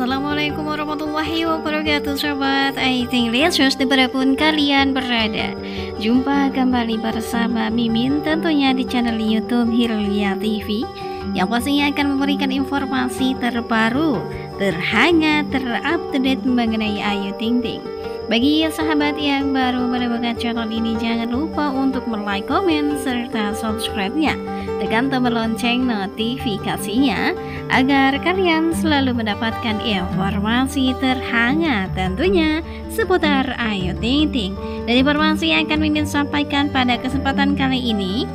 Assalamualaikum warahmatullahi wabarakatuh Sobat Aiting di dimanapun kalian berada Jumpa kembali bersama Mimin tentunya di channel Youtube Hilya TV Yang pastinya akan memberikan informasi terbaru, terhangat, terupdate mengenai Ayu Ting Ting bagi sahabat yang baru menemukan channel ini jangan lupa untuk like, komen, serta subscribe-nya Tekan tombol lonceng notifikasinya Agar kalian selalu mendapatkan informasi terhangat tentunya seputar Ayu Ting Ting Dan informasi yang akan Mimin sampaikan pada kesempatan kali ini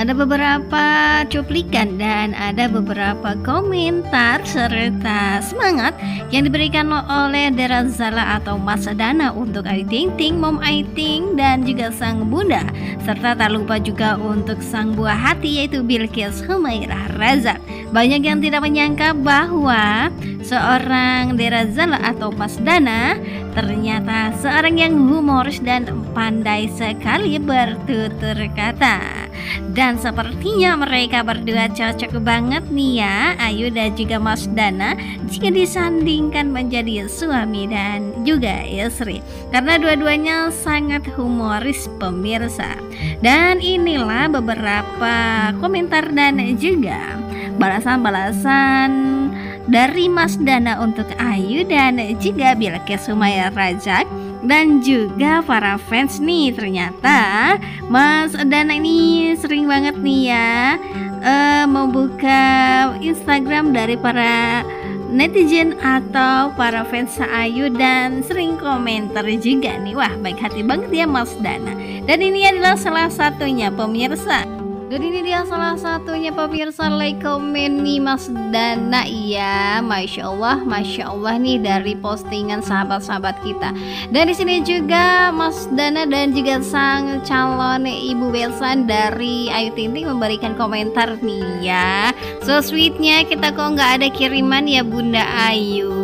ada beberapa cuplikan dan ada beberapa komentar serta semangat yang diberikan oleh Zala atau Mas Dana untuk Ayu Ting Ting, Mom Ayu Ting dan juga sang bunda serta tak lupa juga untuk sang buah hati yaitu Bilkis Humaira Razak. Banyak yang tidak menyangka bahwa seorang Zala atau Mas Dana ternyata seorang yang humoris dan pandai sekali bertutur kata. Dan sepertinya mereka berdua cocok banget nih ya, Ayu dan juga Mas Dana jika disandingkan menjadi suami dan juga istri. Karena dua-duanya sangat humoris pemirsa. Dan inilah beberapa komentar dan juga balasan-balasan dari Mas Dana untuk Ayu dan juga Bilkis Sumaya Rajak dan juga para fans nih ternyata Mas Dana ini sering banget nih ya uh, membuka Instagram dari para netizen atau para fans Ayu dan sering komentar juga nih wah baik hati banget ya Mas Dana dan ini adalah salah satunya pemirsa dan ini dia salah satunya pemirsa like komen nih Mas Dana ya. Masya Allah, Masya Allah nih dari postingan sahabat-sahabat kita. Dan di sini juga Mas Dana dan juga sang calon Ibu Belsan dari Ayu Ting Ting memberikan komentar nih ya. So sweetnya kita kok nggak ada kiriman ya Bunda Ayu.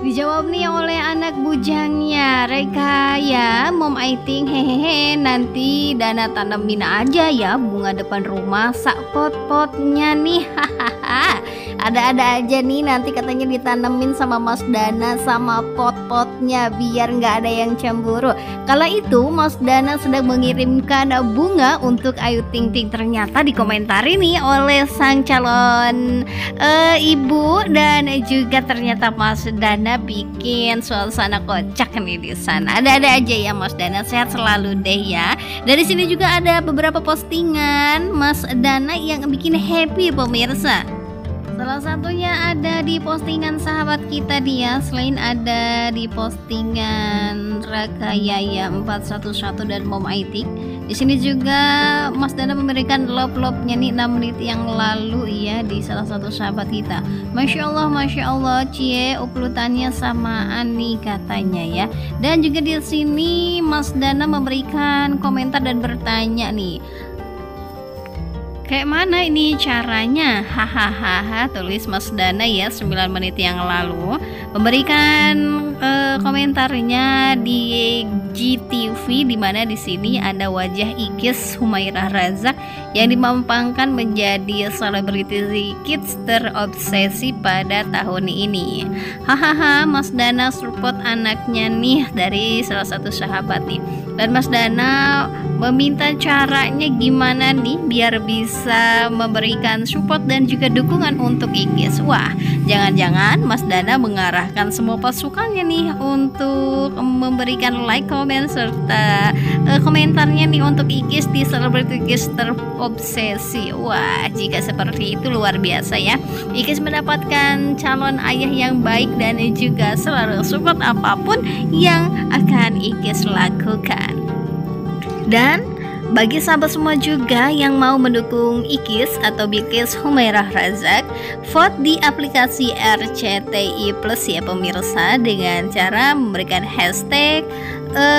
Dijawab nih oleh anak bujangnya Reka ya mom I think hehehe nanti dana tanam bina aja ya bunga depan rumah sak pot-potnya nih hahaha ada-ada aja nih nanti katanya ditanemin sama Mas Dana sama pot-potnya biar nggak ada yang cemburu. Kala itu Mas Dana sedang mengirimkan bunga untuk Ayu Ting Ting ternyata dikomentari nih oleh sang calon uh, ibu dan juga ternyata Mas Dana bikin suasana kocak nih di sana. Ada-ada aja ya Mas Dana sehat selalu deh ya. Dari sini juga ada beberapa postingan Mas Dana yang bikin happy pemirsa. Salah satunya ada di postingan sahabat kita dia Selain ada di postingan Raka Yaya 411 dan Mom Aitik di sini juga Mas Dana memberikan lop-lopnya nih 6 menit yang lalu ya di salah satu sahabat kita. Masya Allah, Masya Allah, Cie uplutannya sama ani katanya ya. Dan juga di sini Mas Dana memberikan komentar dan bertanya nih Kayak mana ini caranya? Hahaha, tulis Mas Dana ya 9 menit yang lalu. Memberikan uh, komentarnya di GTV di mana di sini ada wajah Ikis Humairah Razak yang dimampangkan menjadi selebriti kids terobsesi pada tahun ini. Hahaha, Mas Dana support anaknya nih dari salah satu sahabat nih. Dan Mas Dana meminta caranya gimana nih biar bisa memberikan support dan juga dukungan untuk IKIS. Wah, jangan-jangan Mas Dana mengarahkan semua pasukannya nih untuk memberikan like, komen serta uh, komentarnya nih untuk Igis di Celebrity Igis terobsesi. Wah, jika seperti itu luar biasa ya. Igis mendapatkan calon ayah yang baik dan juga selalu support apapun yang akan Igis lakukan. Dan bagi sahabat semua juga yang mau mendukung IKIS atau Bikis Humairah Razak, vote di aplikasi RCTI Plus ya pemirsa dengan cara memberikan hashtag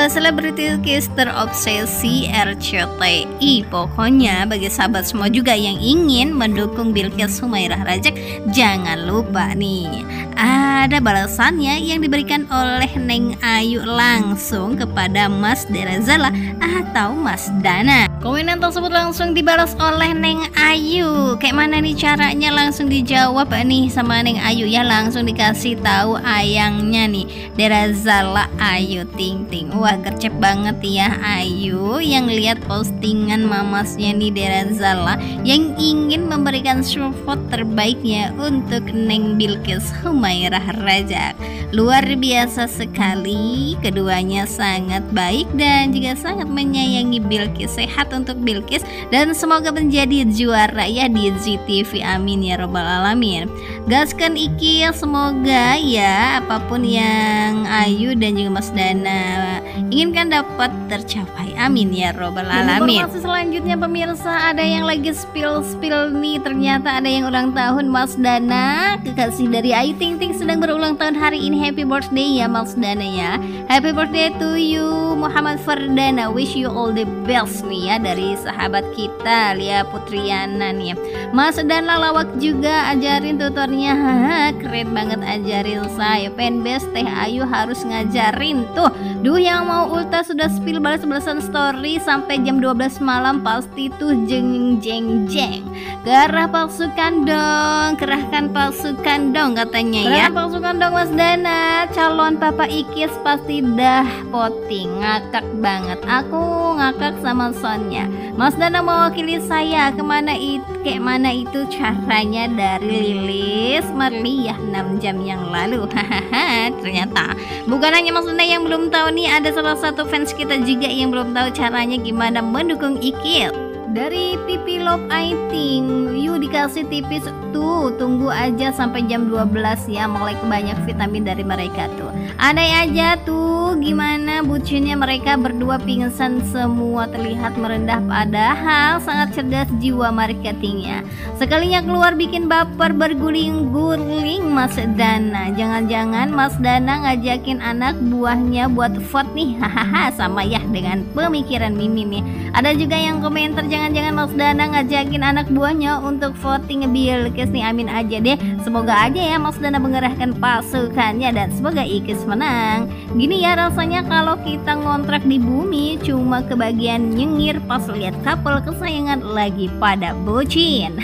selebriti eh, uh, Kiss terobsesi RCTI. Pokoknya bagi sahabat semua juga yang ingin mendukung Bilkis Humairah Razak, jangan lupa nih ada balasannya yang diberikan oleh Neng Ayu langsung kepada Mas Derazala atau Mas Dana. Komenan tersebut langsung dibalas oleh Neng Ayu. Kayak mana nih caranya langsung dijawab eh, nih sama Neng Ayu ya langsung dikasih tahu ayangnya nih Derazala Ayu Ting Ting. Wah gercep banget ya Ayu yang lihat postingan mamasnya nih Derazala yang ingin memberikan support terbaiknya untuk Neng Bilkis Humairah Raja. Luar biasa sekali keduanya sangat baik dan juga sangat menyayangi Bilkis sehat untuk Bilkis dan semoga menjadi juara ya di ZTV amin ya robbal alamin gaskan Iki ya semoga ya apapun yang Ayu dan juga Mas Dana inginkan dapat tercapai. Amin ya robbal alamin. Informasi selanjutnya pemirsa ada yang lagi spill spill nih ternyata ada yang ulang tahun Mas Dana kekasih dari Ayu Ting Ting sedang berulang tahun hari ini happy birthday ya Mas Dana ya. Happy birthday to you Muhammad Ferdana wish you all the best nih ya dari sahabat kita Lia Putriana nih. Ya. Mas Dana lawak juga ajarin tutornya haha keren banget ajarin saya penbes Teh Ayu harus ngajarin tuh duh yang yang mau ulta sudah spill balas balasan story sampai jam 12 malam pasti tuh jeng jeng jeng gerah palsukan dong kerahkan palsukan dong katanya ya Gerah palsukan dong mas Dana calon papa ikis pasti dah poting ngakak banget aku ngakak sama Sonya mas Dana mewakili saya kemana itu kayak mana itu caranya dari Lilis Marliyah 6 jam yang lalu hahaha ternyata bukan hanya Mas Dana yang belum tahu nih ada salah satu fans kita juga yang belum tahu caranya gimana mendukung Ikil. Dari Pipi Love I Think, you dikasih tipis tuh, tunggu aja sampai jam 12 ya, mulai banyak vitamin dari mereka tuh. Ada aja tuh gimana bucinnya mereka berdua pingsan semua terlihat merendah padahal sangat cerdas jiwa marketingnya. Sekalinya keluar bikin baper berguling-guling Mas Dana. Jangan-jangan Mas Dana ngajakin anak buahnya buat vote nih. Hahaha sama ya dengan pemikiran Mimi nih. Ya. Ada juga yang komentar jangan-jangan Mas Dana ngajakin anak buahnya untuk voting Bill Kes nih amin aja deh. Semoga aja ya Mas Dana mengerahkan pasukannya dan semoga Ikis menang. Gini ya rasanya kalau kita ngontrak di bumi cuma kebagian nyengir pas lihat couple kesayangan lagi pada bocin.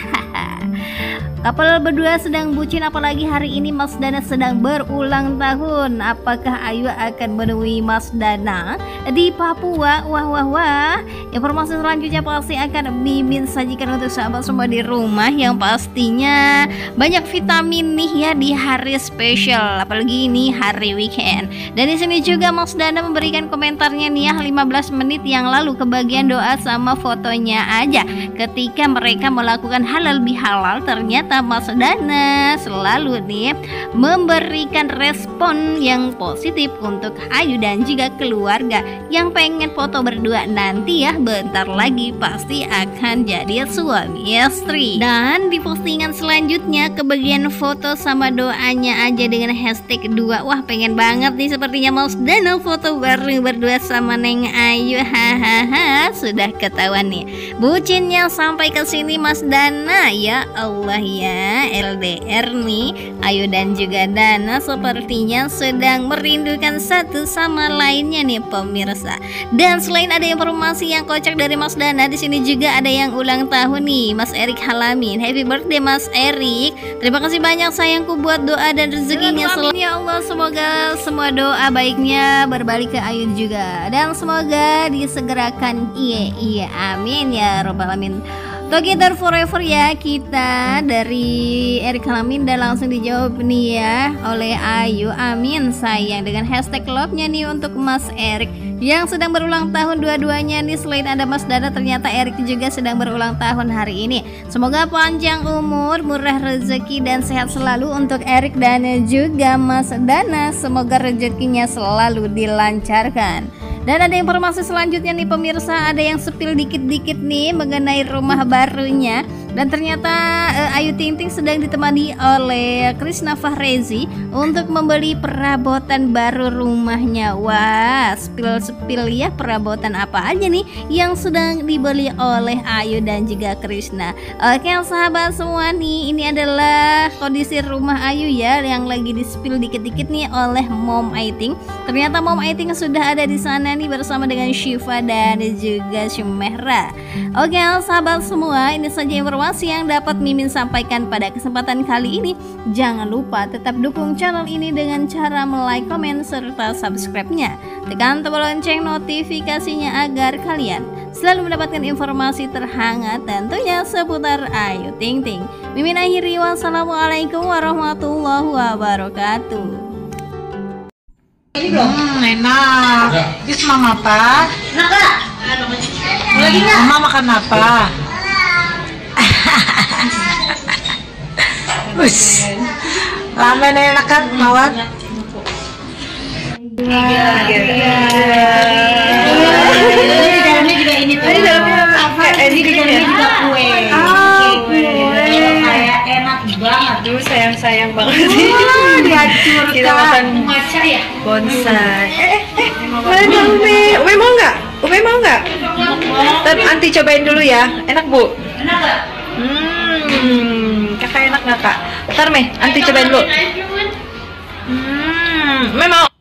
Kapal berdua sedang bucin apalagi hari ini Mas Dana sedang berulang tahun. Apakah Ayu akan menemui Mas Dana di Papua? Wah wah wah. Informasi selanjutnya pasti akan Mimin sajikan untuk sahabat semua di rumah yang pastinya banyak vitamin nih ya di hari spesial apalagi ini hari weekend. Dan di sini juga Mas Dana memberikan komentarnya nih ya 15 menit yang lalu kebagian doa sama fotonya aja ketika mereka melakukan halal bihalal ternyata ternyata Mas Dana selalu nih memberikan respon yang positif untuk Ayu dan juga keluarga yang pengen foto berdua nanti ya bentar lagi pasti akan jadi suami istri dan di postingan selanjutnya kebagian foto sama doanya aja dengan hashtag 2 wah pengen banget nih sepertinya Mas Dana foto bareng berdua sama Neng Ayu hahaha sudah ketahuan nih bucinnya sampai ke sini Mas Dana ya Allah ya ya LDR nih Ayu dan juga Dana sepertinya sedang merindukan satu sama lainnya nih pemirsa Dan selain ada informasi yang kocak dari Mas Dana di sini juga ada yang ulang tahun nih Mas Erik Halamin Happy birthday Mas Erik Terima kasih banyak sayangku buat doa dan rezekinya selalu Ya Allah semoga semua doa baiknya berbalik ke Ayu juga Dan semoga disegerakan iya iya amin ya robbal alamin Together Forever ya kita dari Erik Halamin dan langsung dijawab nih ya oleh Ayu Amin sayang dengan hashtag love-nya nih untuk Mas Erik yang sedang berulang tahun dua-duanya nih selain ada Mas Dada ternyata Erik juga sedang berulang tahun hari ini semoga panjang umur murah rezeki dan sehat selalu untuk Erik dan juga Mas Dana semoga rezekinya selalu dilancarkan dan ada informasi selanjutnya nih pemirsa, ada yang sepil dikit-dikit nih mengenai rumah barunya dan ternyata uh, Ayu Ting Ting sedang ditemani oleh Krishna Fahrezi untuk membeli perabotan baru rumahnya. Wah, spill-spill ya perabotan apa aja nih yang sedang dibeli oleh Ayu dan juga Krishna. Oke, sahabat semua nih, ini adalah kondisi rumah Ayu ya yang lagi di dikit-dikit nih oleh Mom Aiting. Ternyata Mom Aiting sudah ada di sana nih bersama dengan Shiva dan juga Shumehra. Oke, sahabat semua, ini saja yang informasi informasi yang dapat Mimin sampaikan pada kesempatan kali ini, jangan lupa tetap dukung channel ini dengan cara like, komen, serta subscribe-nya. Tekan tombol lonceng notifikasinya agar kalian selalu mendapatkan informasi terhangat tentunya seputar Ayu Ting Ting. Mimin akhiri wassalamualaikum warahmatullahi wabarakatuh. Ini Hmm, enak. Ya. Ini semua apa? Kenapa? Lagi Mama makan apa? lama nih enak kan mawat. Ini ini Enak banget. sayang-sayang banget. Wah, Kita Bonsai. Eh, eh, mau nggak? Ume mau nggak? Tapi anti cobain dulu ya. Enak, Bu? Enak, Hmm. Nggak, Kak. Ntar, Meh. Nanti cobain dulu. Hmm, memang